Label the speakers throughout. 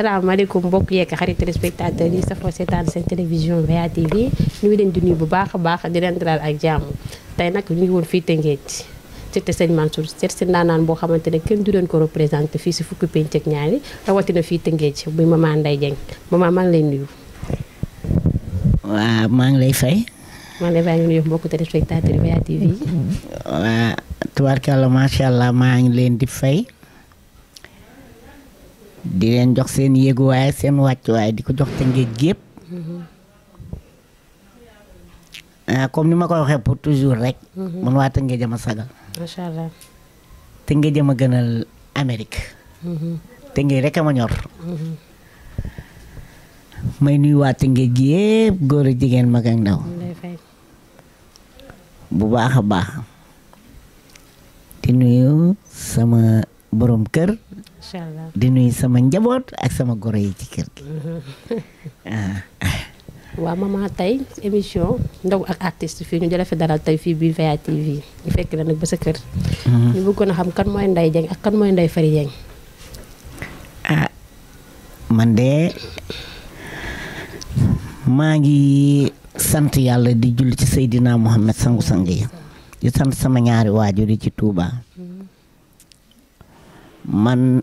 Speaker 1: salaamaaleykum mbokk yeek yeeg xarit téléspectateurs yi safoo seetaan seen télévision VA TV ñu ngi leen di nuyu bu baax a baax di leen dalal ak jàmm tey nag ñu ngi woon fii Tëngéej te sëñ Mansour seet si ndaanaan boo xamante ne kenn du leen ko représenté fii si fukki penc ak ñaari rawatina fii Tëngéej muy maman Ndeye Dieng maman maa ngi lay nuyu.
Speaker 2: waaw maa ngi lay fay.
Speaker 1: maa ngi lay fay ñu nuyu mbokk téléspectateurs yi
Speaker 2: macha allah maa ngi leen di fay. di leen jox seen yéeguwaay ak seen wàccuwaay di ko jox te ngéej gépp mm-hmm. euh, comme ni ma ko waxee pour toujours rek. Mm-hmm. man waa Tëngéej jama sagal. macha allah Tëngéej jama gënal Amérique. Mm-hmm. Tëngéej rek a ma ñor. may nuyu waa Tëngéej gi yëpp góor bu baax a baax. di nuyu sama borom kër. macha allah di nuyu sama njaboot ak sama goro yi ci kër gi. Ah.
Speaker 1: waaw maman tey émission ndaw ak artiste fii ñu jëlee fi dalal tey fii bii VA TV ñu fekk la ba sa kër. Mhm. ñu bëggoon a xam kan mooy nday Dieng ak kan mooy nday Fary Dieng.
Speaker 2: Ah, man de maa ngi sant yàlla di julli ci Seydina Mohamed sangu sang yi di sant sama ñaari waajur yi ci Touba. Mhm. man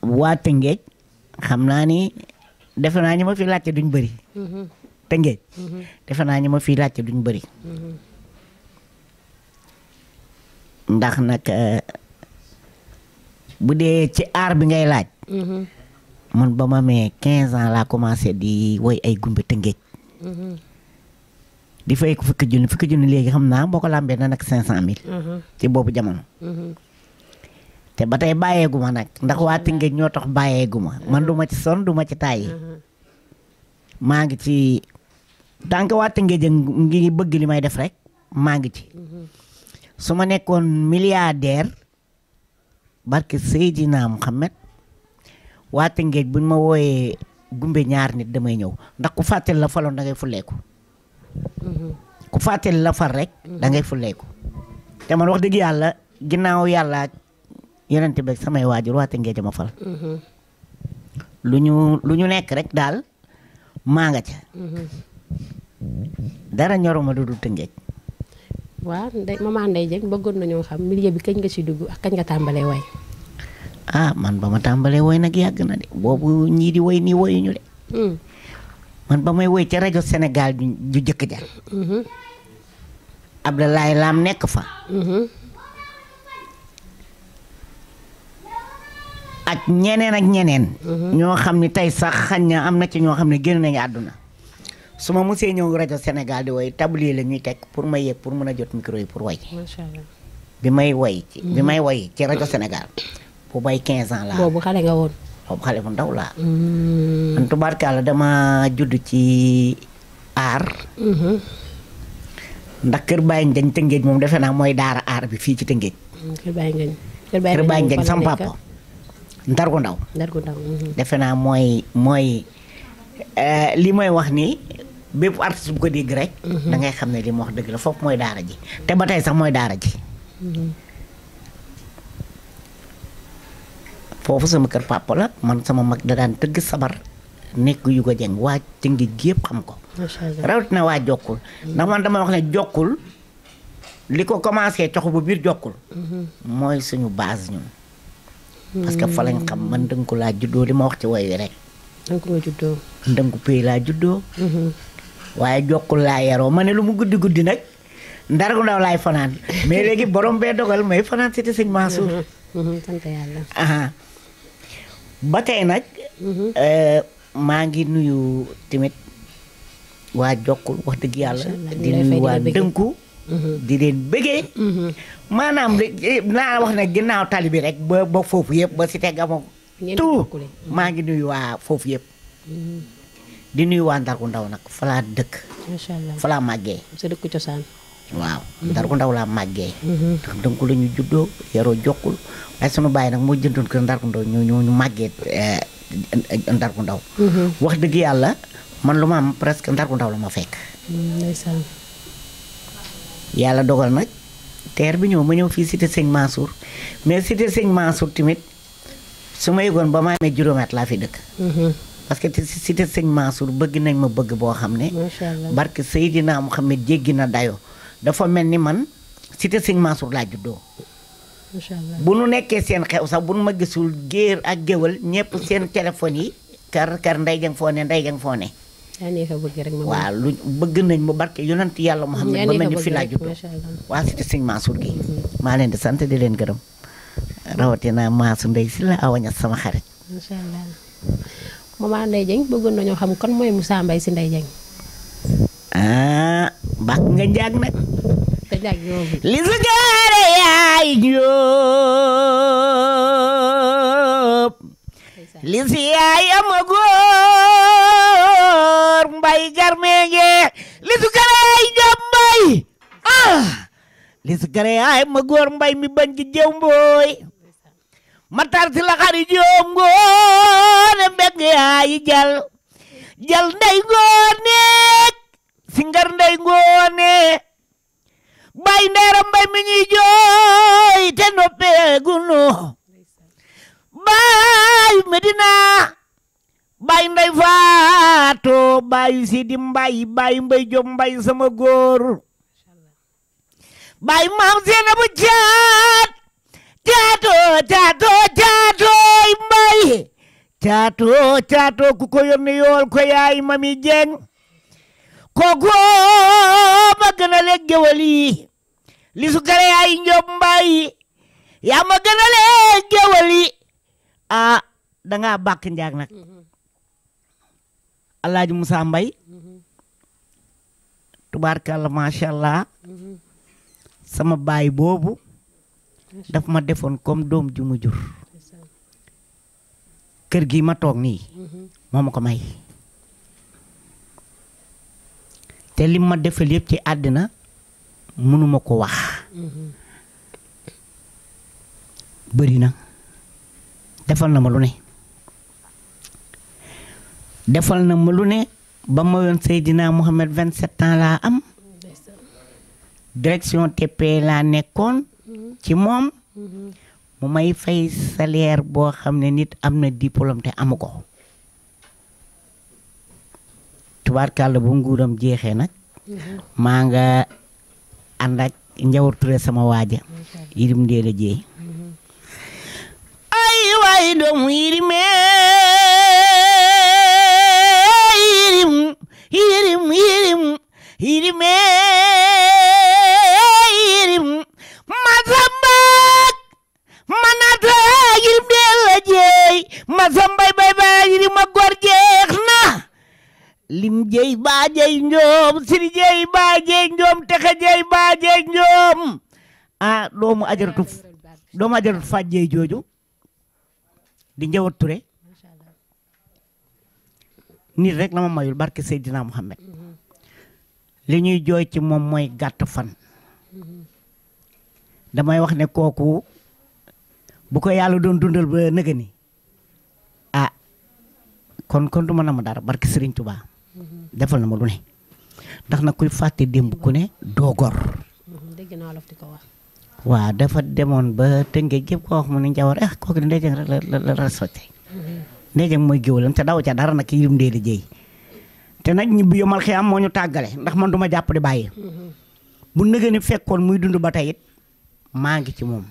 Speaker 2: waa Tëngéej xam naa ni defe naa ñi ma fi laajte duñ bëri.
Speaker 3: Mhm. Mhm.
Speaker 2: defe naa ñi ma fi laajte duñ bëri. Mhm. ndax nag euh, bu dee ci aar bi ngay laaj. man ba ma amee 15 ans laa commencé di woy ay gumbe Tëngéej. di fay ko fukki junni fukki junni léegi xam naa boo ko làmbee na nag 500000. ci boobu jamono. te ba tey bàyyeegu ma nag ndax waa ngéej ñoo tax bàyyeegu ma man du ma ci son du ma ci tàyyi uh-huh. maa ngi ci tant que waa Tëngéej ngi bëgg li may def rek maa ngi ci uh-huh. su ma nekkoon milliardaire barke Seydina Muhammad waa Tëngéej buñ ma wooyee gumbe ñaar nit damay ñëw ndax ku fàttali la faloon da ngay fulleeku
Speaker 3: uh-huh.
Speaker 2: ku fàttali la fal rek da fulleeku te man wax dëgg yàlla ginnaaw yàlla yonente bek samay wajur waa Tëngéej ma fal. Mhm. luñu luñu nek rek dal ma nga ca. Mhm. dara ñoruma du dul Tëngéej.
Speaker 1: waaw ndey mama Ndeye jek bëggoon nañu xam milieu bi kañ nga ci dugg ak kañ
Speaker 2: nga tambalé way. ah man bama tambalé way nak yag na de bobu ñi di woy nii woyuñu de. Mm. man bamay way ci radio Sénégal ju jëk ja. -hmm. Abdoulaye Lam nek fa. -hmm. ak ñeneen ak ñeneen. Mhm. ñoo xam ne tey sax xañ na am na ci ñoo xam ne génn nañu àdduna. suma ma musee ñëw rajo Sénégal di woy tablier la ñuy teg pour ma yëg pour mën a jot micro yi pour way bi may way ci bi mhm. may way ci rajo Sénégal. bu bay 15 ans laa. boobu xale nga woon. boobu xale bu ndaw laa. man mhm. la dama judd ci aar. ndax Kër Baye ngeñ Tëngéej moom defe naa mooy daara aar bi fii ci Tëngéej.
Speaker 1: Kër Baye ngeñ Kër Baye ngeñ sama papa ndar gu ndaw ndar gu ndaw mhm.
Speaker 2: defena moy moy euh li moy wax ni bepp artiste bu ko dégg rek mhm. da ngay xamne li mo wax deug la fop moy daara ji te ba sax moy daara ji mhm. fofu sama keur papa la man sama mag da dan sabar nek yu ko jeng waa tinggi gep xam ko rawt na waa jokul na man dama wax ne jokul liko ko commencé cox bu bir jokul moy suñu base ñun
Speaker 3: parce que fa lañ hmm. xam man
Speaker 2: dënku laa juddoo li ma wax ci way rek. dënku nga juddoo. dënku pay laa juddoo. Hmm. waaye jokkul laa yaroo ma ne lu mu guddi guddi nag ndar gu ndaw laay fanaan mais léegi borom bee dogal may fanaan si sëñ Mansour.
Speaker 1: sant hmm. yàlla.
Speaker 2: ba tey nag. Eh, maa ngi nuyu tamit waa jokkul wax dëgg yàlla. di nuyu waa dënku. Mm-hmm. di leen manam maanaam na wax ne ginnaaw talibi rek ba bok fofu yeb ba ci Cité Gamo tu mm-hmm. ma ngi nuyu wa fofu yeb mm-hmm. di nuyu wa ndar ko Ndaw nak fala dekk inshallah fala allah ci dekk màggee sa dëkku cosaan waaw Ndargu Ndaw laa màggee donc la ñu juddoo yaroo jokkul waaye sunu nak mo jëndon ko ndar ko Ndaw ñu ñoo ñu ndar ko Ndaw wax dëgg yalla man luma am presque ndar ko Ndaw la ma fekk
Speaker 3: mm, ndeysaan
Speaker 2: yàlla dogal nag teer bi ñëw ma ñëw fii cité sëñ Mansour mais cité sëñ Mansour tamit su ma yëgoon ba ma amee juróomi laa fi dëkk. Mhm. parce que cité sëñ Mansour bëgg nañ ma bëgg boo xam ne. macha allah barke Seydina Mouhamed jéggi na dayoo dafa mel ni man cité sëñ Mansour laa juddoo. bu nu nekkee seen xew sax bu nu ma gisul géer ak géwal ñëpp seen téléphone yi kar kar nday jang foo ne nday jang foo ne
Speaker 1: waaw
Speaker 2: lu bëgg nañ mu barke yonent yàlla Muhammad ba mel ni fi laa judd waa cité sëñ Mansour gi mm-hmm. maa leen di sant di leen gërëm rawatina maasu ndey si la awaña sama xarit
Speaker 1: macha allah maman Ndeye Dieng bëggoon nañoo xam kon mooy Moussa Mbaye si Ndeye Dieng
Speaker 2: ah baax nga njaag nag
Speaker 4: li si gaare yaay jóob
Speaker 2: mbay garmeje lisu gare ay jam mbay ah! ay ma góor mbay mi bañ ci mbooy ma tar si la xari joom ay jal jal nday ngoone singar nday ngoone bay ndeeram mbay mi ñuy te baayu si di mbay baayu mbay jom sama góor baay maam seena bu caat caato caato caato mbay caato caato ku ko yónni yool ko yaay mami jeng kooku ma gën a lekk géwël yi li su kare yaay njob mbay yaa ma gën a lekk géwël yi ah da ngaa alaaji Moussa Mbay tubaarkàlla macha allah sama baay boobu daf ma defoon comme doom ju jur kër gi ma toog nii moo ma ko may te lim ma defal yépp ci àddina mënuma ko wax bëri na defal na ma lu ne defal na ma lu ne ba ma yoon Seydina Mohamed 27 ans laa am direction TP laa nekkoon ci moom mu may fay salaire boo xam ne nit am na diplôme te amu ko tubaarkàlla bu nguuram jeexee nag maa nga ànd ak njawar sama waaja yirim ndeel a jeey ay waay doomu yirimee
Speaker 4: Hit him, hit him, hit him, hit him. Mazambak, manata yirim dela jey. bay bay yirim agwar
Speaker 2: jeex na. Lim jey ba jey njoom, siri jey ba jey njoom, texe jey ba jey njoom. Ah, doomu ajaratu doomu ajaratu faj jooju di njawat ture nit rek la ma mayul barke Seydina Muhammad li ñuy jooy ci moom mooy gàtt fan damay wax ne kooku bu ko yàlla doon dundal ba nëga ni ah kon kon du ma na ma dara barke Serigne Touba defal na ma lu ne ndax na kuy fàtte démb ku ne doo gor
Speaker 1: dégg di ko wax
Speaker 2: waaw dafa demoon ba tënkee gépp koo wax mu ne njawar ah kooku di ndeyjëng rek la la respecté ndeyjam mooy géwëlam te daw ca dara nag yërum dee di jéy te nag ñibbi yomal xiyam moo ñu tàggale ndax man du ma jàpp di bàyyi bu nëgë ni fekkoon muy dund ba tey maa ngi ci moom.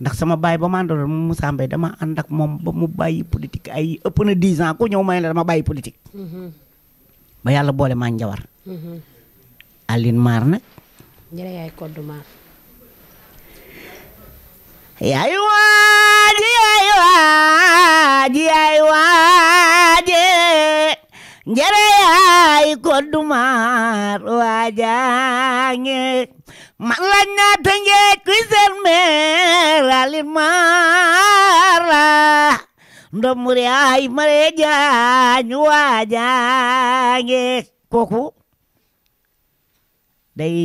Speaker 2: ndax sama baay ba ma àndaloon mu Moussa Mbaye dama ànd moom ba mu bàyyi politique ay ëpp na 10 ans ku ñëw may la dama bàyyi politique. ba yàlla boole maa njawar. Mhm. Aline Mar nag. yaay waaji yaay waaji yaay waaje njere yaay ko dumar waajange man la ñaata ngee kuiser meer alimara ndomur yaay mare jaañ waajange kooku day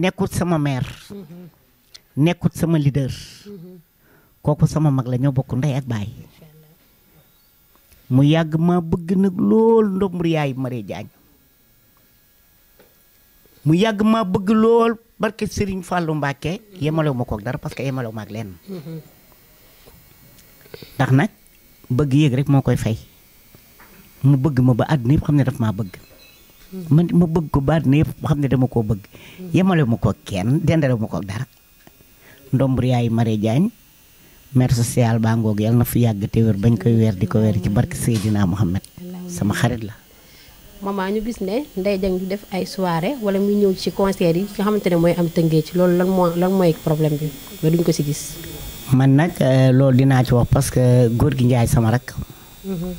Speaker 2: nekkut sama meer mhm. nekkut sama leader kooku sama mag la ñoo bokk ndey ak baay mu yàgg ma bëgg nag lool ndombur yaay Mare Diagne mu yàgg ma bëgg lool barke Serigne fàllu Mbacke yemalewu ko kook dara parce que yemalewu ma ak lenn ndax nag bëgg yéeg rek moo koy fay mu bëgg ma ba àdduna yëpp xam ne daf maa bëgg ma bëgg ko ba àdduna yëpp xam ne dama koo bëgg yemalewu ma kook kenn dendalewu ma kook dara ndomb yaayu Marie Diagne mère sociale baa ngoog yal na fi yàgg te bañ koy weer di ko weer ci barke Seydina Mohamed sama xarit la.
Speaker 1: maman ñu gis ne Ndeye Diagne di def ay soirée wala muy ñëw ci concert yi nga xamante ne mooy am tëngee ci loolu lan moo lan mooy problème bi ba duñ ko si gis.
Speaker 2: man nag euh, loolu dinaa ci wax parce que góor gi njaay sama rak.
Speaker 1: Mm-hmm.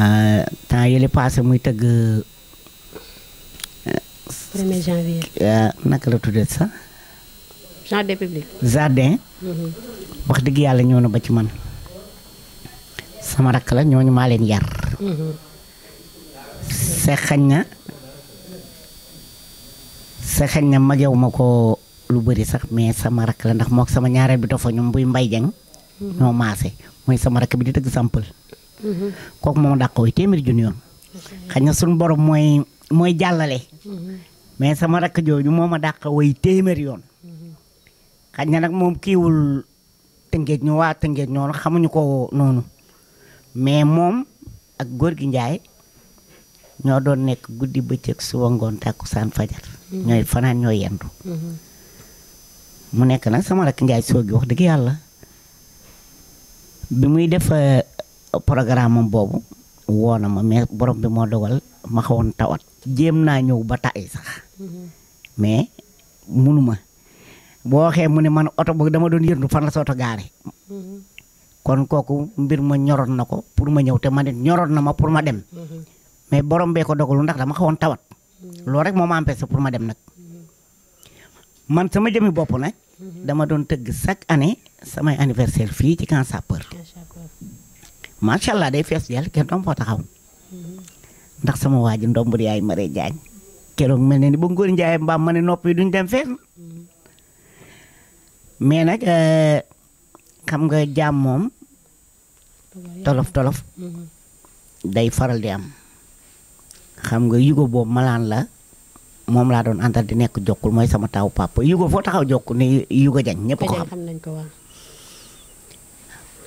Speaker 2: Euh, temps yële passé muy tëgg. 1er euh, janvier. naka la tuddee sax. jardin public. jardin. Mm-hmm. wax deug yalla ñono ba ci man sama rak la ñooñu ma leen yar. Mm-hmm. se xagna na se xañ magew ma lu beuri sax mais sama rak la ndax mok sama ñaareel bi dofa ñum buy mbay jang no mm-hmm. maase moy sama rak bi di deug sampal. kok mo dàqoo yi téeméeri junni yoon. borom moy moy jallalé mais sama rak joju moma ma way témir yoon. xaj na nag moom kiiwul tëngeej ñu waa tëngeej noonu xamuñu ko noonu mais moom ak góor gi njaay ñoo doon nekk guddi bëccëg suba ngoon tàkkusaan fajar mm-hmm. ñooy fanaan ñoo yendu mm-hmm. mu nekk nag sama rakk njaay soo gi wax dëgg yàlla bi muy def euh, programme am boobu woo na ma mais borom bi moo dogal ma xawoon tawat jéem naa ñëw ba tay sax mm-hmm. mais munuma boo waxee mu ne man auto boog dama don yërndu fan la sa oto gaare kon koku mbir ma ñoron nako pour ma ñew te man it ñoroon na ma pour ma dem mais borom be ko dogul ndax dama xawon tawat lo rek moma ma pour ma dem nak man sama jëmi bop nag dama don teug chaque année sama anniversaire fi ci Camp Sapeur macha allah day fess yàlla kenn doom fo taxaw ndax sama waji ndombu yaay mare jaañ keroog melni bu ngor ba ngóor njaay mbaam duñ dem fess mais nag euh, xam nga jaam moom tolof tolof day faral di am xam nga yugo boobu malaan la moom laa doon àndal di nekk jokkul mooy sama taawu papa yugo foo taxaw jokk ne yugo jañ ñëpp ko xam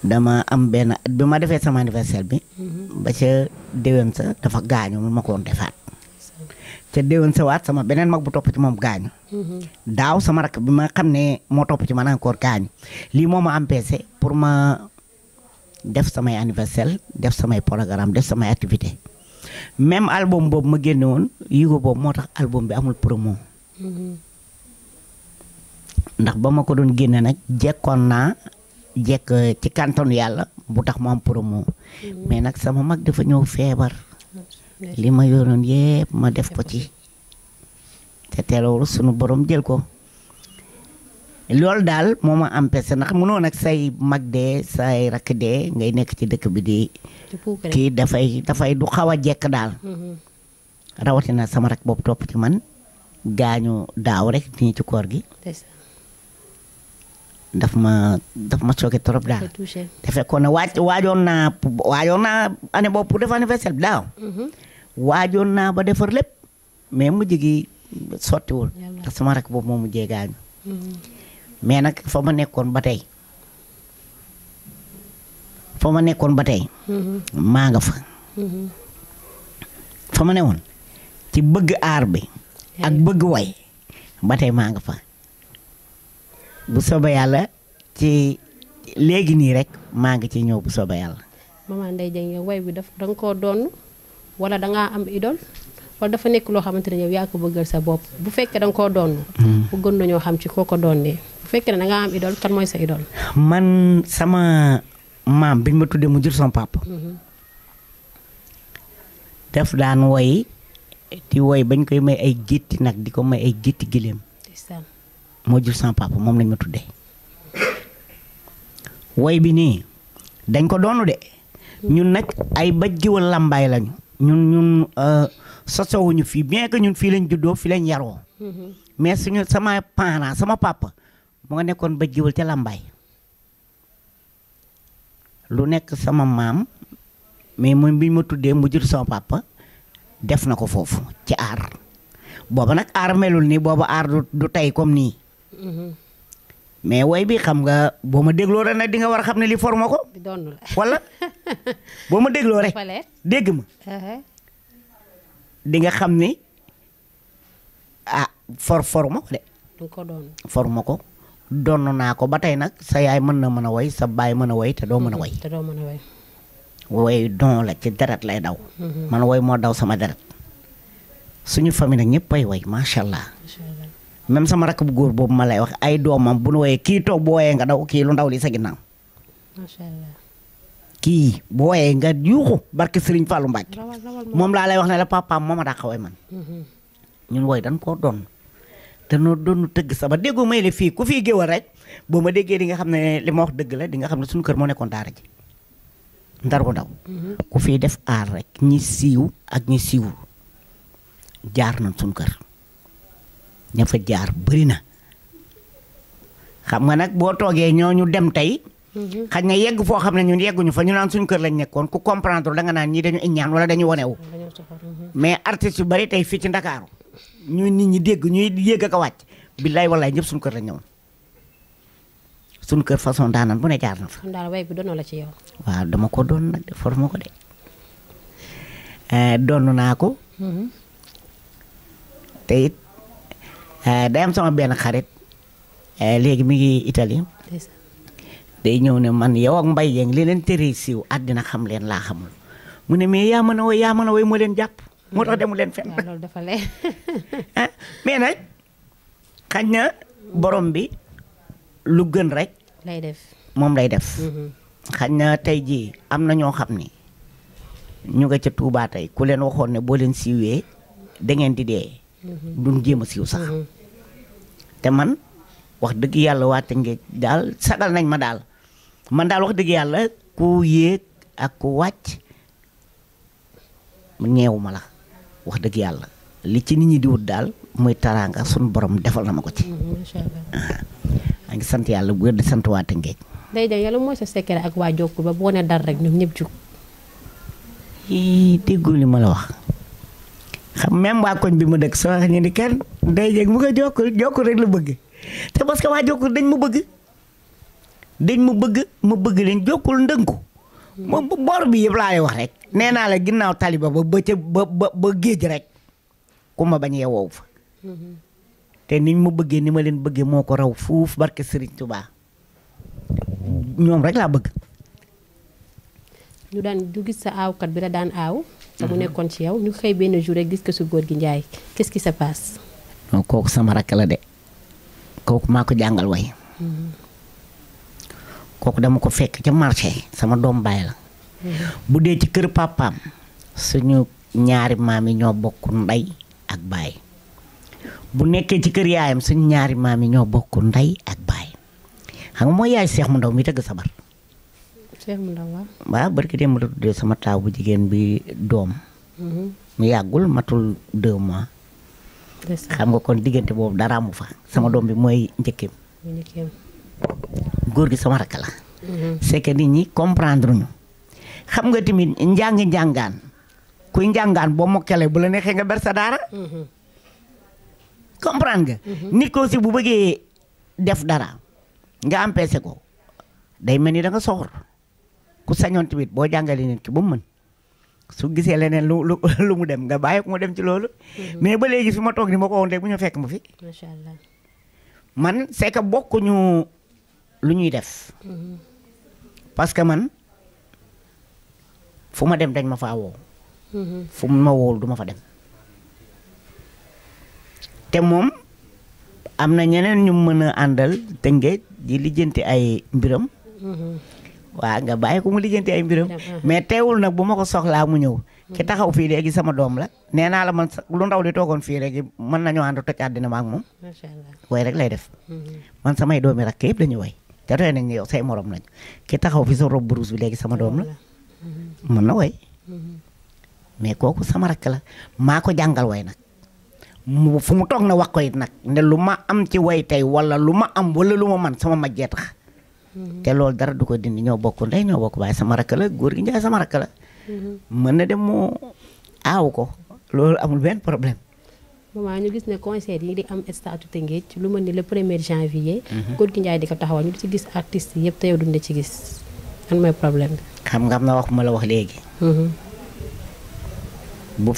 Speaker 2: dama am benn at bi ma defee sama anniversaire bi mhm. ba ca déwén sa dafa gaañu mun ma ko defaat deewon sa wat sama benen mag bu top ci mom gañ kan. mm-hmm. daw sama rak bi kan. ma xamne ne top ci man encore gañ li moma am empêché pour ma def sama anniversaire def sama programme def sama activité même album bob ma génne won yugo bob motax album bi amul promo mm-hmm. ndax bama ma ko don génne nak jekkoon na jekk eh, ci canton yalla bu tax mo am promo mais mm-hmm. nak sama mak dafa ñëw feebar li ma yoroon yépp ma def ko ci te teelawul sunu boroom jël ko loolu daal moo ma empêché ndax mënoon ak say mag dee say rakk dee ngay nekk ci dëkk bi di kii dafay dafay du xaw a jekk daal mm-hmm. rawatina sama rak boobu topp ci man gaañu daaw rek nii ci koor gi daf ma daf ma choqué trop daal te fekkoon ne waaj waajoon naa waajoon naa année def anniversaire bi daaw mm-hmm. waajoon naa ba defar lépp mais mu gi sottiwul. te sama rek boobu moom mujjee gaañu. Mm-hmm. mais nag fa ma nekkoon ba tey fa ma nekkoon ba tey. Mm-hmm. maa nga fa. Mm-hmm. fa ma newoon ci bëgg aar bi. ak bëgg way ba tey maa nga fa. bu soobee yàlla ci léegi nii rek maa ngi ci ñëw bu soobee yàlla.
Speaker 1: maman bi daf da koo doon. wala dangaa am idol wala dafa nekk loo xamante ne yow yaa ko bëggal sa bopp bu fekkee danga koo doon. bu hmm. gën nañoo xam ci koo ko doonee bu fekkee ne da ngaa am idole kan mooy sa idole.
Speaker 2: man sama maam biñ ma tuddee mu jur sama papa. Hmm. daan woy di woy bañ koy may ay gétti nag di ko may ay gétti gëléem. moo jur moom lañ ma tuddee. woy bi nii dañ ko doonu de hmm. ñun nag ay bajjiwal làmbaay lañu. ñun ñun euh, sosowuñu fii bien que ñun fii lañ juddoo fii lañ yaroo. Mm-hmm. mais suñu sama parent sama papa mu nga nekkoon ba jiwul te Lambaye lu nekk sama maam mais moom bi ma tuddee mu jur sama papa def na ko foofu ci aar booba nag aar melul nii booba aar du tey comme nii. Mm-hmm. mais way bii xam nga boo ma dégloo rek nag di nga war a xam ne li forma ko.
Speaker 1: doon la
Speaker 2: boo ma dégloo rek. dégg ma. di nga xam ni ah for forma ko de. ko doon forma ko. donn naa ko ba tey nag sa yaay mën na mën a way sa baay mën a way te doo mën a way.
Speaker 1: te doo mën a way.
Speaker 2: way don la ci deret lay daw. Mhm. man way moo daw sama deret. suñu famille nag ñëpp way macha allah. même sama rakk bu góor boobu ma lay wax ay doomam bu nu wooyee kii toog bu wooyee nga daw kii lu ndaw li sa ginnaaw. macha allah kii bu wooyee nga yuuxu barke Serigne Fallou Mbacke.
Speaker 3: moom laa lay wax ne la
Speaker 2: papaam moom ma daa xawee man. Mhm. ñun wooy dañ koo doon. te noo doon tëgg sa ba déggoo may la fii ku fii géwal rek boo ma déggee di nga xam ne li ma wax dëgg la di nga xam ne suñu kër moo nekkoon daara ji. ndar gu ndaw. Mhm. ku fii def aar rek ñi siiw ak ñi siiwul jaar nañ suñu ña fa jaar bëri na xam nga nag boo toogee ñoo ñu dem tey. Mhm. xaj na yegg foo xam ne ñun yegguñu fa ñu naan suñ kër lañ nekkoon ku comprendre da nga naan ñii dañu iñaan wala dañu wonewu mhm. mais artistes yu bari tey fii ci Ndakaaru ñuy nit ñi dégg ñuy yéeg ak a wàcc billaay wallaay ñëpp suñ kër lañ ñëwoon kër façon daanan bu ne na
Speaker 1: fa. bi doon la ci yow.
Speaker 2: waaw dama ko doon nag forma ko de eh, doon naa ko. Mhm. te Eh, day am sama benn xarit eh, léegi mi ngi Italie day ñëw ne man yow ak Mbaye Dieng li leen tere siiw àddina xam leen laa xamul mu ne mais yaa mën a woy yaa mën woy moo leen jàpp moo tax demu leen fenn loolu eh, mais nag xañ na borom bi lu gën rek lay def moom lay def mm-hmm. xañ na tey jii am na ñoo xam ni ñu nga ca Tuubaa tey ku leen waxoon ne boo leen siiwee da ngeen di dee duñ jema siw sax mm-hmm. té man wax deug yalla waté Tëngéej dal sagal nañ ma dal man dal wax deug yalla ku yéeg ak ku wacc ñeewu ma la wax deug yalla li ci nit ñi di wut dal moy taranga suñu borom defal na mako ci
Speaker 1: maa mm-hmm,
Speaker 2: ah, ngi sant yalla bu wér di sant waté Tëngéej
Speaker 1: day day yalla moy sa secret ak wa Jokko ba bo ne dal rek ñep juk
Speaker 2: yi degul li ma la wax xam même waa koñ bi mu dëkk soo wax ñu ni kenn day jéeg mu nga jokkul jokkul rek lu bëgg te parce waa jokkul dañ ma bëgg dañ ma bëgg ma bëgg leen jokkul ndënku moom boor bi yëpp laay wax rek nee naa la ginnaaw taliba ba ba ba ba géej rek ku ma bañ yeewoo fa te niñ ma bëggee ni ma leen bëggee moo ko raw fuuf barke Serigne Touba ñoom rek laa bëgg.
Speaker 1: ñu daan du gis sa aawkat bi la daan aaw. te mhm. nekkoon ci yow ñu xëy benn jour rek gis ko góor gi Ndiaye qu'est-ce qui se
Speaker 2: kooku sama rakk la de kooku maa ko jàngal way mhm. kooku dama ko fekk ca marché sama doom baay la. Mhm. bu dee ci kër papaam suñu ñaari maam yi ñoo bokk ndey ak baay. bu nekkee ci kër yaayam suñu ñaari maam yi ñoo bokk ndey ak baay xam nga mooy yaay seex mu ndaw mi tëgg sabar. Ba barki dem la tuddee sama tahu jigen mm-hmm. ah. jigéen bi doom mu matul deux mois xam nga kon diggante boobu dara fa sama doom bi mooy gurki góor gi sama rakk la c'est que nit ñi comprendre ñu xam nga tamit njàng njàngaan kuy njàngaan boo mokkale bu la neexee nga ber sa mm-hmm. comprendre nga mm-hmm. nit ko bu bëggee def dara nga empêché ko day mel ni da nga soxor ku sañoon tamit boo jàngalee nit ki ba mu mën su gisee leneen lu lu lu mu dem nga bàyyi ko mu dem ci loolu. Mhm. mais ba léegi fi ma toog ni ma ko woon rek bu ñu fekk ma fi. macha allah man c'est que bokkuñu lu ñuy def. Mhm. parce que man fu ma dem dañ ma faa woo. Mhm. fu mu ma woowul du ma fa dem. te moom am na ñeneen ñu mën a àndal tëngeej di lijjanti ay mbiram. waa nga bàyyi ko mu lijjanti ay mbiram. Uh-huh. mais teewul nag bu ma ko soxlaa mu ñëw. ki taxaw fii léegi sama doom la nee naa la man lu ndaw li toogoon fii léegi mën nañoo ànd toj àddina ak moom.
Speaker 3: macha rek lay def. Mm-hmm.
Speaker 2: man samay doomi rakk yëpp dañuy way te doy nañ yow say morom lañ taxaw fi sa robe bi léegi sama doom la
Speaker 3: mm-hmm. mën na way mm-hmm.
Speaker 2: mais kooku sama rakk la maa ko jàngal way nag. fu mu toog na wax ko it nag ne lu ma am ci way tey walla lu ma am wala lu ma man sama majjee tax te loolu dara du ko dindi ñoo bokk ndey ñoo bokk baay sama rakk la góor gi njaay sama rakk la. mën na dem moo aaw ko loolu amul benn problème.
Speaker 1: maman ñu gis ne concert yi di am statut Tëngéej lu mel ni le premier janvier. Mhm. góor gi njaay di ko taxawal ñu ci gis artistes yëpp te yow duñ ci gis
Speaker 2: lan mooy problème bi. am na wax ma la wax léegi. Mhm. bu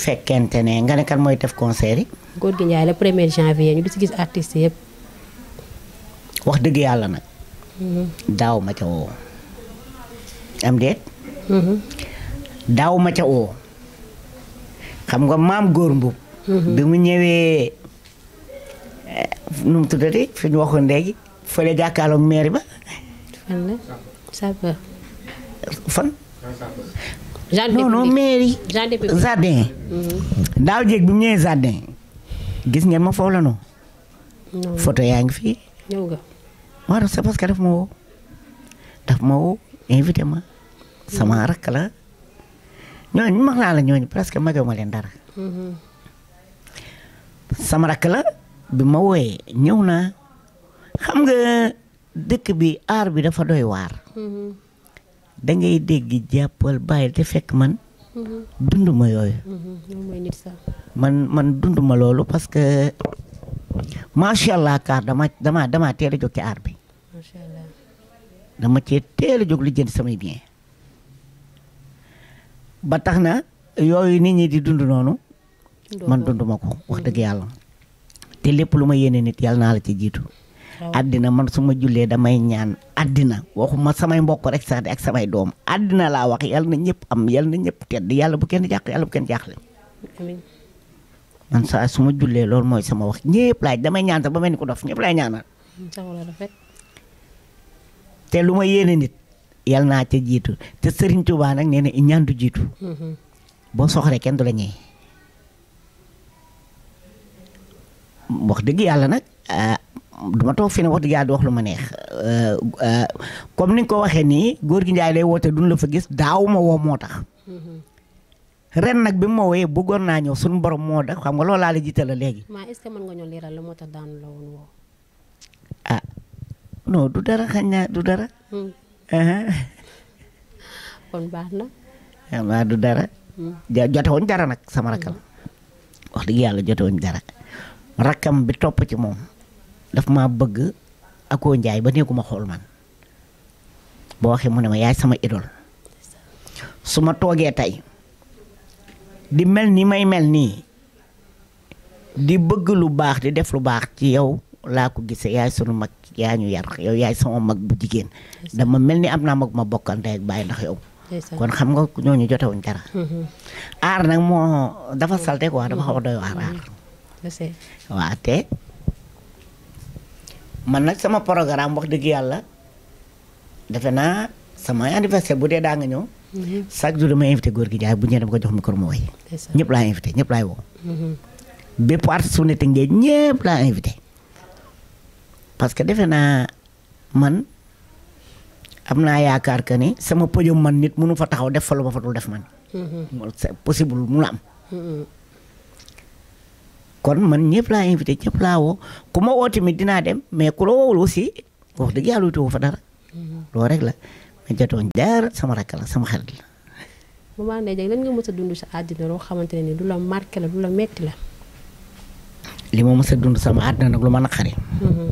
Speaker 2: ne nga ne mooy def concert yi.
Speaker 1: góor gi njaay le premier janvier ñu di ci gis artistes yëpp.
Speaker 2: wax dëgg yàlla nag. Ừ. đau mà chỗ em đét, ừ. đau mà chỗ không có mắm gồm bụng ừ. đừng mình nhớ về à, nung tu đấy phải nói con đấy phải là đặc along mẹ ba phân đấy sao vậy? phân
Speaker 3: Jardin non non mairie jardin
Speaker 2: daaw jéeg bi mu ñëwee jardin gis ngeen ma foofu la noonu
Speaker 1: photo yaa ngi fii ñëw nga
Speaker 2: moo tax c'est parce que daf ma woo daf ma woo invité ma sama rakk la ñooñu mag laa la ñooñu presque magoo ma leen dara. sama rakk la bi ma wooyee ñëw naa xam nga dëkk bi aar bi dafa doy waar. da ngay dégg jàppal bàyyi te fekk man. Mm-hmm. dund ma yooyu.
Speaker 1: Mm-hmm.
Speaker 2: man dund ma loolu parce masha allah dama dama dama teel a jóg ci aar dama cee teel a li jënd samay bien ba tax na yooyu nit ñi di dund nonu. man dunduma mako wax deug yalla. te lepp luma ma nit yalla na la ci jitu. Adina man suma julle damay ñaan adina waxuma samay mbokk rek sax ak samay dom. Adina la wax yalla na ñepp am yalla na ñepp tedd yalla bu kenn jax yalla bu kenn man saa su ma jullee loolu mooy sama wax ñëpp laay damay ñaan sax ba mel ni ko dof ñëpp laay ñaanal. te lu ma yéene nit yal naa ci jiitu te Serigne Touba nag nee na ñaan du jiitu. boo soxree kenn du la ñëwee. wax dëgg yàlla nag ah, du ma toog fi ne wax dëgg yàlla di wax lu ma neex ah, ah, comme ni ko waxee nii góor gi Njaay lay woote duñ la fa gis daaw woo moo tax. ren nag bi mu ma wooyee bëggoon naa ñëw suñu borom moo da xam nga loolu laa la jiite la léegi.
Speaker 1: maa est-ce que mën nga ñu leeral la moo tax daanu la woon woo.
Speaker 2: ah non du dara xañ naa du dara. Hmm. baax na. Ah, du dara. Hmm. ja jotewuñ dara nag sama rakkal. Hmm. wax dëgg yàlla jotewuñ dara. rakkam bi topp ci moom. daf maa bëgg akoo njaay ba ma xool man. boo waxee mu ne ma yaay sama idol. su ma toogee tey. di mel ni may mel nii di bëgg lu baax di def lu baax ci yow laa ko gisee yaay sunu mag yaa ñu yar yow yaay sama mag bu jigéen dama mel ni am naa mag ma bokkal ak bàyyi ndax yow kon xam nga ñooñu jotewuñ dara mm-hmm. aar nag moo dafa salte quoi dafa xaw a doy waar aar waaw te man nag sama programme wax dëgg yàlla defe naa sama anniversaire bu dee daa nga ñëw chaque jour damay invité góor gi jaay bu ñu dama ko jox micro mu way ñëpp laa invité mm-hmm. ñëpp laa invité parce que defe naa man am naa yaakaar que ni sama podium man nit mënu fa taxaw def fa lu ma fa dul def man mm-hmm. possible mu la am mm-hmm. kon man ñëpp laa invité ñëpp laa woo ku ma woo tamit dinaa dem mais ku la woowul aussi wax dëgg yàlla wutoo fa dara loolu rek la ma jotooñ dara sama rakk la sama xarit la.
Speaker 1: ma Ndeye Diagne lan nga mës a dund si àddina loo xamante ne ni lu la marqué la lu la metti la.
Speaker 2: li ma mës dund sama àddina nag lu ma naqari. Mhm.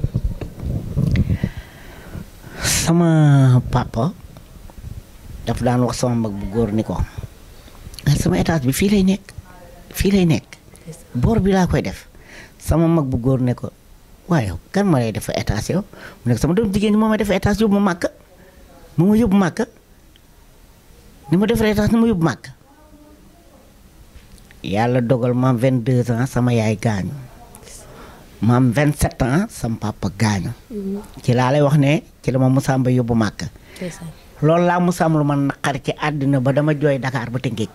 Speaker 2: sama papa daf daan wax sama mag bu góor ni ko eh, sama étage bi fii lay nekk fii lay nekk. boor bi laa koy def sama mag bu góor ne ko waaye kan ma lay def étage yow mu nekk sama doom jigéen ñi moom may def étage yóbbu ma màkk. mu ma yóbbu màkk ni ma ray tax ni mu yóbbu màkk yalla dogal mam 22 ans sama yaay gaañu mam 27 ans sama papa gaañu. ci la lay wax ne ci la ma Musamba yóbbu màkk. lool la Musamba lu man naqar ci adina ba dama joy Dakar ba Tëngéej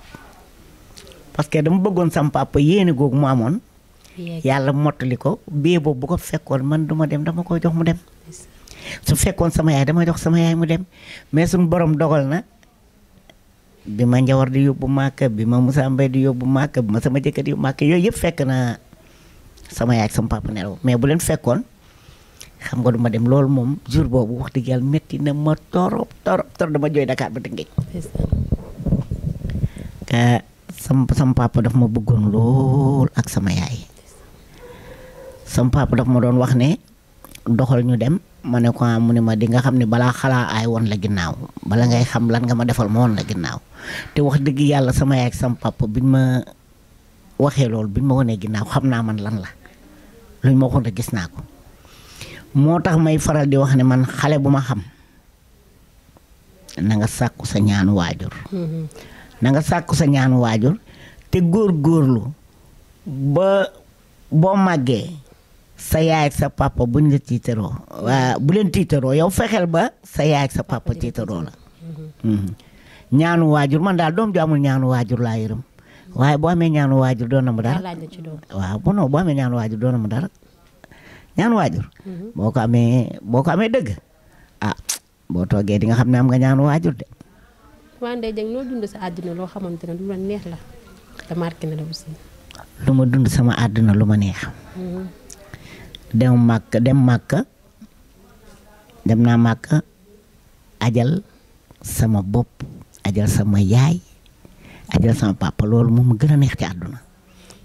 Speaker 2: parce que dama bëggoon sama papa yene gog mu amone yalla mottali ko bee bu ko fekkoon man duma dem dama ko jox mu dem. su fekkoon sama yaay damay dox sama yaay mu dem mais suñu borom dogal na bi ma njawar di yóbbu màkk bi ma Moussa Mbaye di yóbbu màkk bi ma sama jëkkër di yóbbu màkk yooyu yëpp fekk na sama yaay ak sama papa nelaw mais bu leen fekkoon xam nga du ma dem loolu moom jour boobu wax dëgg yàlla métti na ma torop torop torop dama jooy Dakar ba Tëngéej sam sam papa daf ma bëggoon lool ak sama yaay sam papa daf ma doon wax ne doxal ñu dem mané ko amune ma di nga xamné ne xala ay won la ginnaw bala ngay xam lan nga ma defal mo won la ginnaw té wax deug yalla sama ay ak sam papa biñ ma waxé lol biñ ma woné ginnaw xamna man lan la luñ mo xonta gis nako motax may faral di wax né man xalé bu xam na nga sakku sa ñaan wajur mm-hmm. na nga sakku sa ñaan wajur té gor gorlu ba bo sa yaay sa papa bu la tiitaroo waa bu leen tiitaroo yow fexeel ba sa yaay sa papa tiitaroo la. Mhm. ñaanu waajur man daal doom ju amul ñaanu waajur laa yërëm waaye boo amee ñaanu waajur doon na mu dara waaw bu non boo amee ñaanu waajur doon na mhm. boo ko amee boo ko amee dëgg ah boo toogee di nga xam ne am nga ñaanu waajur de.
Speaker 1: waaw Ndeye àddina loo xamante neex la te marqué
Speaker 2: lu ma dund sama àddina lu ma neex. Mhm. dem mak dem makka dem na makka ajal sama bop ajal sama Yai ajal sama papa lolou mom ma neex ci aduna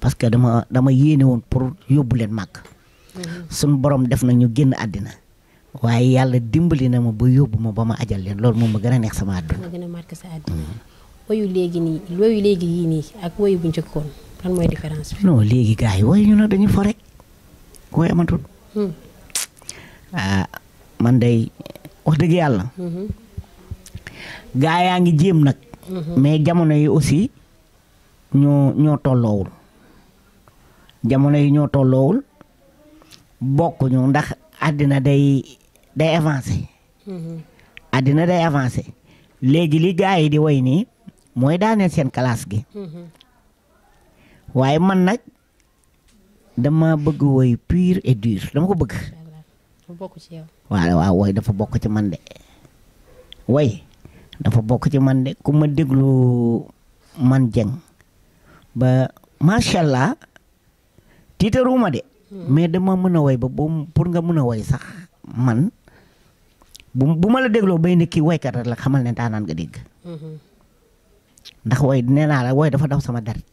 Speaker 2: parce que dama dama yéene won pour yóbbu leen màkk
Speaker 3: mm-hmm.
Speaker 2: suñ borom def na ñu genn àddina waye yalla dimbali na ma ba yobuma ba ma ajal len lolou mom ma neex sama
Speaker 1: aduna ma gën sa aduna woyu legi ni woyu legi yi ni ak woyu ci kon lan moy différence
Speaker 2: non legi gaay yi ñu na dañu fo rek. ku amatul. Hmm. ah man day wax dëgg yàlla. Hmm. gaa yaa ngi jéem nag. Hmm. mais jamono yi aussi ñoo ñoo tolloowul jamono yi ñoo tolloowul bokk ndax àddina day day avancé. àddina day avancé léegi li gaa yi di woy nii mooy daaneel seen classe gi. waaye man nag. dama bëgg way pur et dur dama ko bëgg waaw waaw way dafa bokk ci man de way dafa bokk ci man de kuma ma man jeng ba macha allah de mais dama mëna way ba pour nga mëna way sax man bu ma la deglo bay ne ki way kat la xamal ne nan nga deg mm-hmm. ndax way neena la way dafa daw sama deret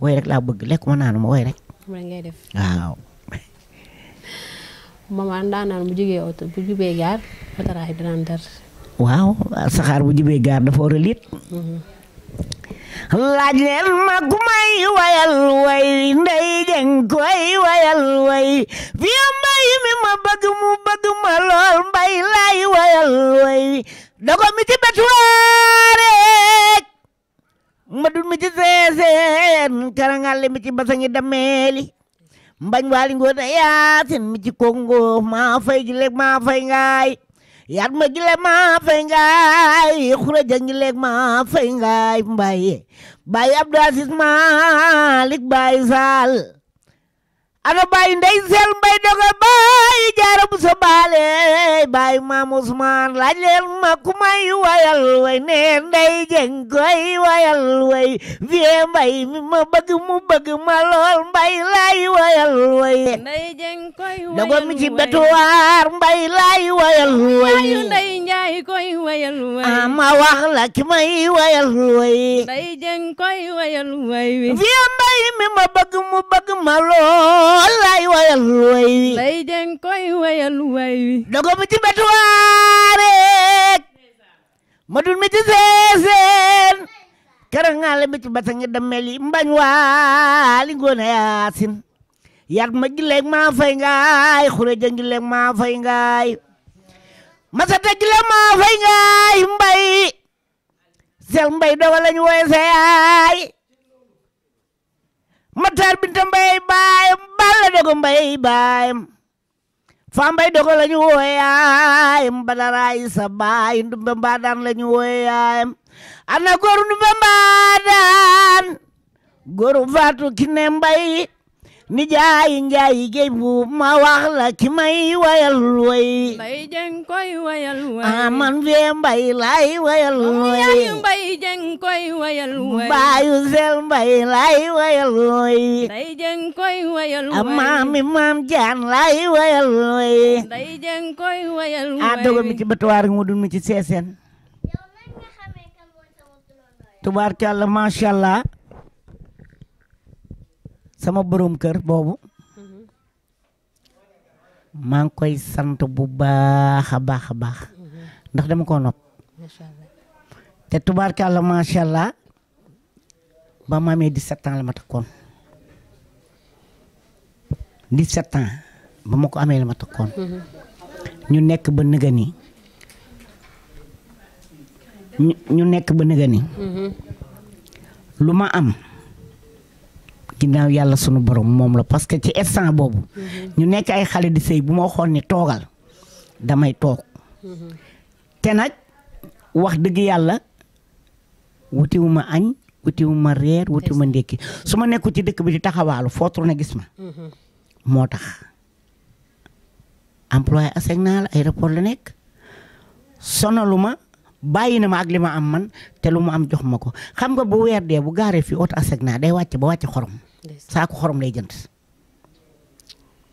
Speaker 2: way rek la bëgg ma way rek man ngay def waaw
Speaker 1: maman daanaan bu jugee oto ya, bu jubee gaar otaraay danaan dar
Speaker 2: waaw mm-hmm. Lagi bu jubee laaj leen ma ku may wayal way ndey jeng koy wayal way fii mbay mi ma bëgg mu bëgg ma lool mbay wayal way dogo mi ci madun mi ci seeseen karangalle mi ci basangi dameeli mbañ waali ngoota yaasin mi ci kongo maa fay gi leeg maa fay ngaay yaat ma gi leeg ngaay xura jangi leeg maa ngaay mbaye baay abdou asis malik baay sall ana baay ndey sel mbay doga baay jaara sa baale baay maam Usmaan laaj leen ma may wayal way ne ndey jeng koy wayal way vie mbay mi ma bëgg mu bëgg ma lool mbay laay wayal way vie mbay mi ma
Speaker 4: bëgg mu bëgg ma lool wallaay wayal way wi lay den koy wayal way wi dogo mi ci waareek madun mi ci seeseen karangaale mi ci basangi dameli
Speaker 2: mbañ waali ngoone yaasin yat ma gileeg maa ngaay xureja gileeg maa fay ngaay masata gileeg maa fay ngaay mbay sel mbay dogo lañu woy sa Matar Binta Mbay baayam Balla Dogo Mbay baayam Fa Mbay Dogo lañu woowe yaayam Badara Isa baay Ndumbe Mbaadaan lañu woowe yaayam ana góor Ndumbe Mbaadaan góor Faatu Kine Mbay nijaay njaay géej bu ma wax la ki may wayal way
Speaker 4: mbay jeng koy aman
Speaker 2: fee mbay lay wayal way
Speaker 4: mbay sel
Speaker 2: mbay lay wayal way mbay jeng maam jaan lay wayal way
Speaker 4: mbay jeng koy wayal ah, way a dogo mi ci
Speaker 2: batuwaar mu allah sama borom kër bobu mang koy sante bu baakha a baax ndax dama ko nop te tubaarkàlla macha allah ba mamé 17 ans la ma takkoon 17 ans ba mako amé la ma ñu nek ba ñu nek ba ni am ginnaaw yàlla sunu borom moom la parce que ci instant boobu. Mhm. ñu nekk ay xale di sëy bu ma waxoon ni toogal damay toog. Mhm. te nag wax dëgg yàlla wutiwuma añ wutiwuma reer wutiwuma ndékki su ma nekku ci dëkk bi di taxawaalu footu na gis ma. Mhm. moo tax employé aseg naa la aéroport la nekk sonaluma bàyyi na ma ak li ma am man te lu mu am jox ma ko xam nga bu weer dee bu gaaree fii oto aseg naa day wàcc ba wàcc xorom. saako xorom lay jënd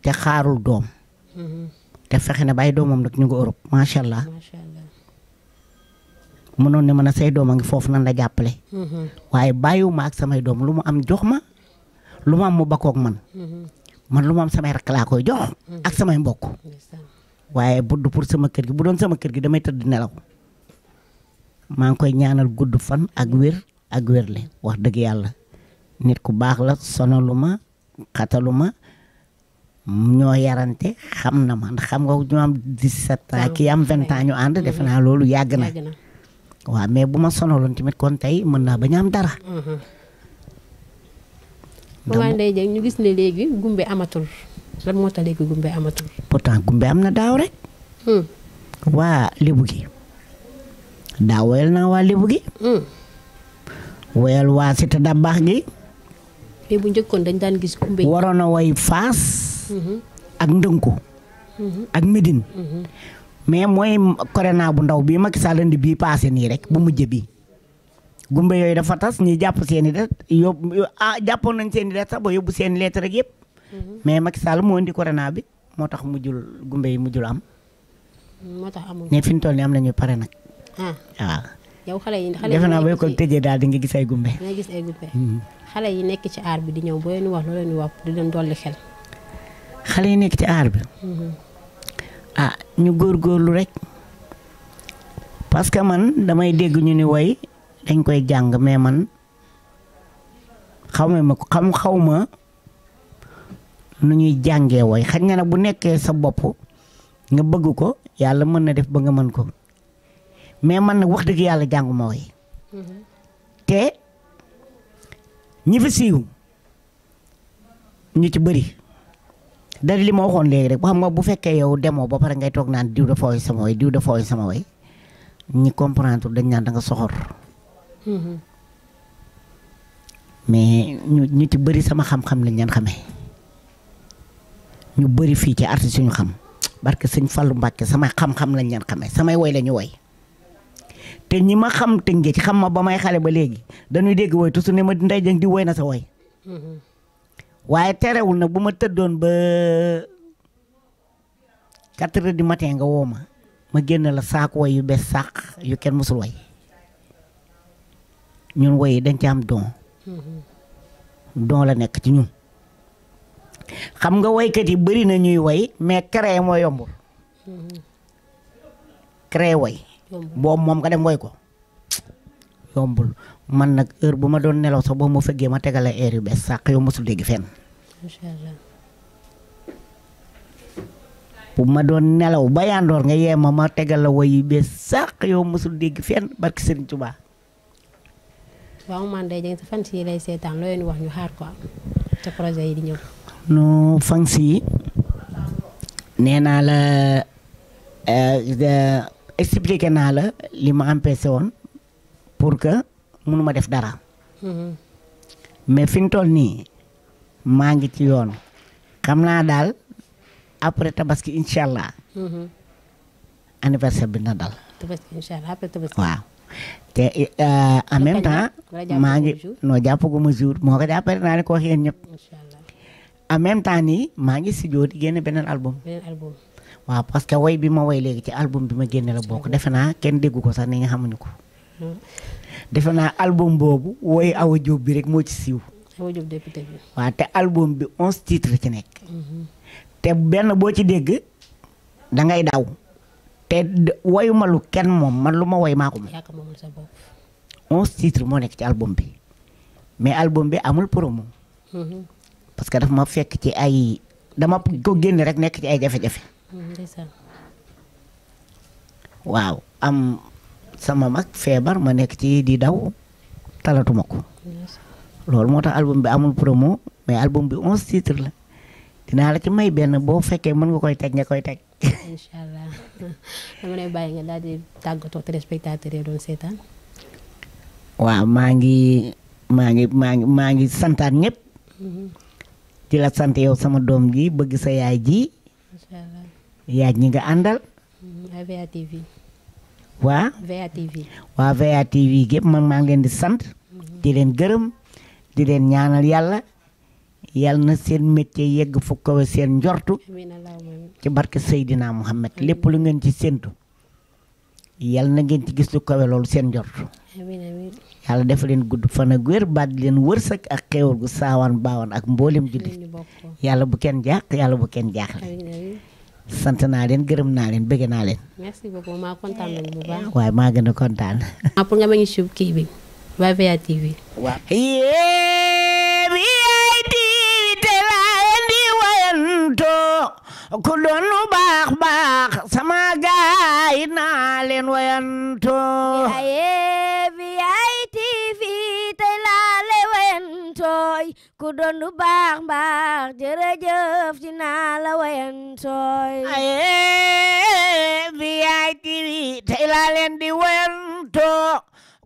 Speaker 2: té xaarul doom té fexé na bay doomam nak ñu ngi Europe sha allah mënoon ne mën mëna say doom nga fofu nan la jàppale mm-hmm. waaye bàyyiwuma ak samay doom lu mu am jox ma lu mu am mu bakkoog man mm-hmm. man lu mu am samay rek la koy jox mm-hmm. ak samay mbokk waye buddu pour sama kër gi bu doon sama kër gi damay tedd nelaw ma ngi koy ñaanal gudd fan ak wër ak wër le wax deug yalla nit ku bax la sonaluma kataluma ñoo yarante xam na ma ndax xam nga ñu am 17 ans ki am 20 ans ñu ànd mm-hmm. def naa loolu yàgg na waaw mais bu ma sonaloon tamit kon tey mën naa bañ am dara waaw mm-hmm.
Speaker 1: ndey ñu gis ne léegi gumbe amatul lan moo tax léegi gumbe
Speaker 2: amatul pourtant gumbe am na daaw rek mm. waa lébu gi daa naa waa lébu gi mm. wayal waa sita dabbaax gi te bu njëkkoon dañ daan gis kumbe waroon a way Fass mhm. ak ndënku
Speaker 1: mhm.
Speaker 3: ak
Speaker 2: Médine mhm. mais moy corona bu ndaw bi Macky Sall indi bi passé ni rek bu mujjé bi gumbe yoy dafa tas ñi japp seen i yo a jappon nañ seen i sax bo yobu seen lettre rek yëpp mais Macky Sall mo indi corona bi motax mujjul gumbe yi mujjul am
Speaker 1: motax amul ne fiñ
Speaker 2: mu toll nii am nañu pare nag
Speaker 1: yow xale yi xale yi defe naa boo ko tëjee
Speaker 2: daal di nga gis ay gumbe
Speaker 1: nga gis ay mm-hmm. xale yi nekk ci aar bi di ñëw boo wax loolu leen wax di leen dolli xel
Speaker 2: xale yi nekk ci aar bi mm-hmm. ah ñu góor góorlu rek parce que man damay dégg ñu ni woy dañ koy jàng mais man xaw xawma ma ko xam xaw ma nu ñuy jàngee woy xaj na nag bu nekkee sa bopp nga bëgg ko yàlla mën na def ba nga mën ko mais man na wax dëgg yàlla jànguma woy te ñi fi siiw ñu ci bëri dari li ma waxoon léegi rek bu xam nga bu fekkee yow demoo ba pare ngay toog naan diw dafa woy sama woy diw sama woy ñi comprendre dañ naan da nga soxor mais ñu ñu ci bëri sama xam-xam lañ leen xame ñu bëri fii ci artiste ñu xam barke sëñ Fallou Mbacke sama xam lañ leen xamee samay woy la ñu woy te ñi ma xam tëngéej xam ma ba may xale ba léegi dañuy dégg woy tusu ne ma ndey jëng di woy na sa woy mm-hmm. waaye terewul na bu ma tëddoon ba quatre di du matin nga woo ma ma génn la saak woy yu bees saak yu kenn musul woy ñun woy yi dañ ci am don mm-hmm. don la nekk ci ñun xam nga woykat yi bëri na ñuy woy mais créer moo yombul mm-hmm. créer woy boo moom nga dem woy ko yombul man nag heure bu ma doon nelaw sax boo ma feggee ma tegale air yu bees sàq yow mosul dégg fenn bu ma doon nelaw ba yandoor nga yee ma ma tegal la woy yu bees sàq yow mosul dégg fenn barki Serigne Touba.
Speaker 1: waaw man day jàng sa wax ñu xaar ko te projet
Speaker 2: naa la. Eh, eh, expliquer na la li ma empêché won pour que mënuma def dara. Mm-hmm. mais fin tol ni ma ngi ci yoon xam na dal après tabaski incha hmm anniversaire bi na dal.
Speaker 1: tabaski inshallah après
Speaker 2: tabaski. waaw té eh, euh en même temps. ma ngi no japp noo ma jour moo ko jàppale na ko wax ñep inshallah en même temps ni ma ngi studio di génne benen album. benen album wa ah, parce que way bi ma way léegi ci album bi ma genné la bok defena ken kenn déggu ko sax ni nga xamuñu ko hmm. defena album bobu way awa job bi rek mo ci siw
Speaker 1: awa job député bi
Speaker 2: wa té album bi 11 titres ci nek hmm. te ben bo ci dégg da ngay daw té wayuma lu ken mom man lu ma way mako mom 11 titres mo nek ci album bi mais album bi amul promo hmm. parce que daf ma fekk ci ay dama ko génn rek nek ci ay jafé jafé waaw am sama mag feebar ma nekk ci di daw talatuma ko. loolu moo tax album bi amul promo mais album bi onze titres la dinaa la ci may benn boo fekkee mën ngi koy teg nga koy teg.
Speaker 1: incha allah dama tàggatoo téléspectateur yi
Speaker 2: waaw maa ngi maa ngi maa ngi maa ngi santaan ñëpp. Mm-hmm. di la sant yow sama doom ji bëgg sa yaay ji. ya ñi nga andal
Speaker 1: waa ya, VA TV. wa VA TV.
Speaker 2: wa VA TV gep man ma ngi leen di sante mhm. di len gërem di len ñaanal yalla yalla na seen métier yegg fu ko seen njortu. ci barke sayidina Muhammad lepp lu ngeen ci sentu yalla na ngeen ci gis lu kawé loolu seen njortu. amin amin yalla def len gudd fa na wér baad len wërsak ak xewul gu sawan bawan ak mbolim julli yalla bu kenn jaax yalla bu kenn amin sant naa leen gërëm naa leen bëgg naa leen.
Speaker 1: merci beaucoup maa kontaan nañu
Speaker 2: ah, nga
Speaker 1: ma ñu suub kii bi VA TV. waaw. yee
Speaker 2: VA te laa leen di wayantoo ku
Speaker 4: doon lu baax baax sama gaay naa sooy ku doon lu baax baax jërëjëf dinaa la wayan sooy aye VI TV tey di wayantoo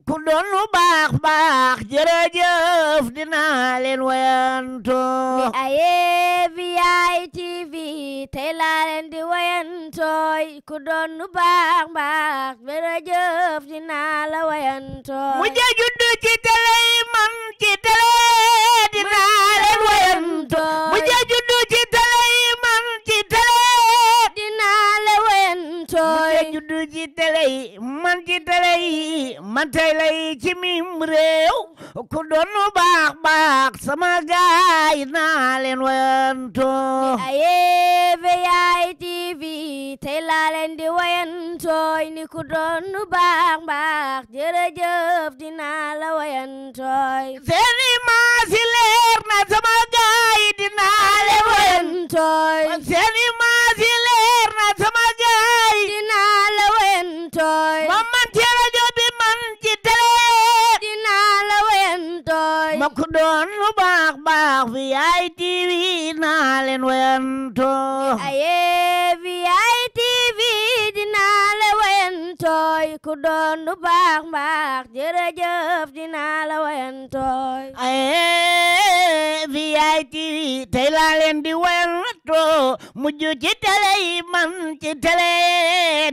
Speaker 4: ku doon lu baax baax jërëjëf dinaa leen wayantoo aye di wayantooy ku doon lu baax baax jërëjëf dinaa la wayantooy télé
Speaker 2: yi ma tey lay ci mim réew ku doon baax baax
Speaker 4: sama gaay naa leen wayanto aye VAY e TV tey laa leen di wayanto ni ku doon baax baax jërëjëf dinaa la wayanto seeni maasi leer na sama gaay dinaa leen wayanto VI TV leen wayanto aye VI dinaa la wayantooy ku doon lu baax mbaax jërëjëf dinaa la wayantooy aye
Speaker 2: VI tey laa leen di wayanto mujj ci
Speaker 4: télé man ci télé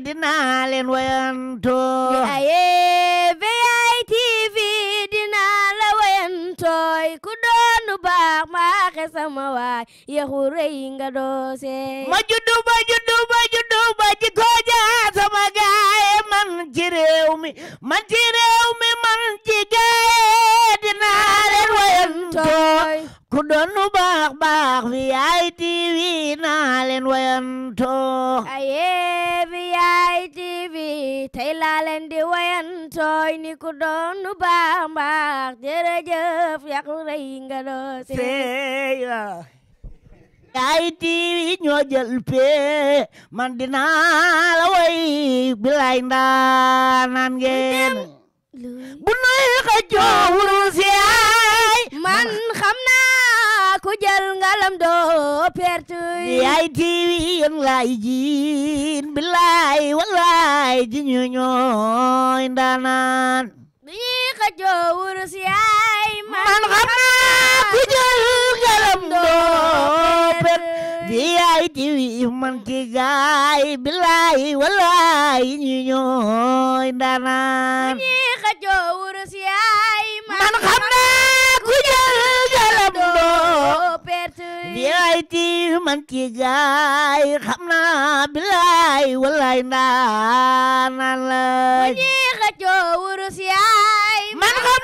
Speaker 4: dinaa leen wayanto baax maa xee sama nga doose ma juddu ba juddu ba sama gaay man ci
Speaker 2: man ci man ci gaay dinaa leen wayanto
Speaker 4: ku doon nu baax baax VITV naa leen wayantoo aye VITV tey laa leen di wayantooy ni ku doon nu baax baax jërëjëf yàqu rëy nga doo sey VITV ñoo jël
Speaker 2: pee man dinaa la way bilay ndaanaan
Speaker 4: ngeen bu nuy xëccoo wurus yaay man xam ku jël ngalam doo perte ay tiwi yéen laay jiin billaay wallaay ji ñu ñooy
Speaker 2: ndaanaan
Speaker 4: ñii ka joowur si yaay man xam naa
Speaker 2: ku jël ngalam doo perte yaay man
Speaker 4: ki gaay billaay wallaay ji ñu
Speaker 2: man ci jaay xam
Speaker 4: naa bilaay walaay ndaanaan la man xam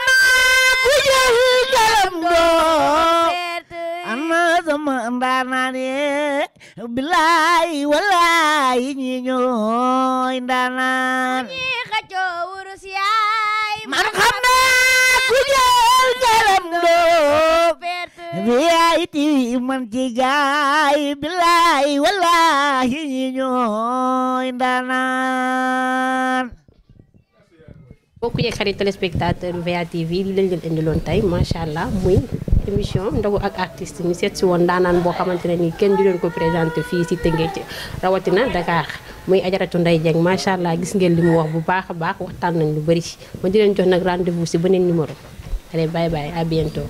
Speaker 4: naa ku galam doo ana sama ndaanaan yee bilaay walaay ñi ñooy ndaanaan
Speaker 2: man xam naa ku galam doo riyayti iman tiga gaay billaay wallahi indanan. ndaanaan
Speaker 1: bokk kari tele téléspectateur via TV li lañ leen indiloon tey macha allah muy émission ak artiste ni set si won danan bo xamante ni nii kenn di len ko présenté fii si Tëngéej rawatina Dakar muy ajaratu Ndeye Dieng macha allah gis ngeen limu wax bu baakha baax waxtan nañ lu bëri ma di len jox nak rendez-vous ci benen numéro allez bye bye à bientôt.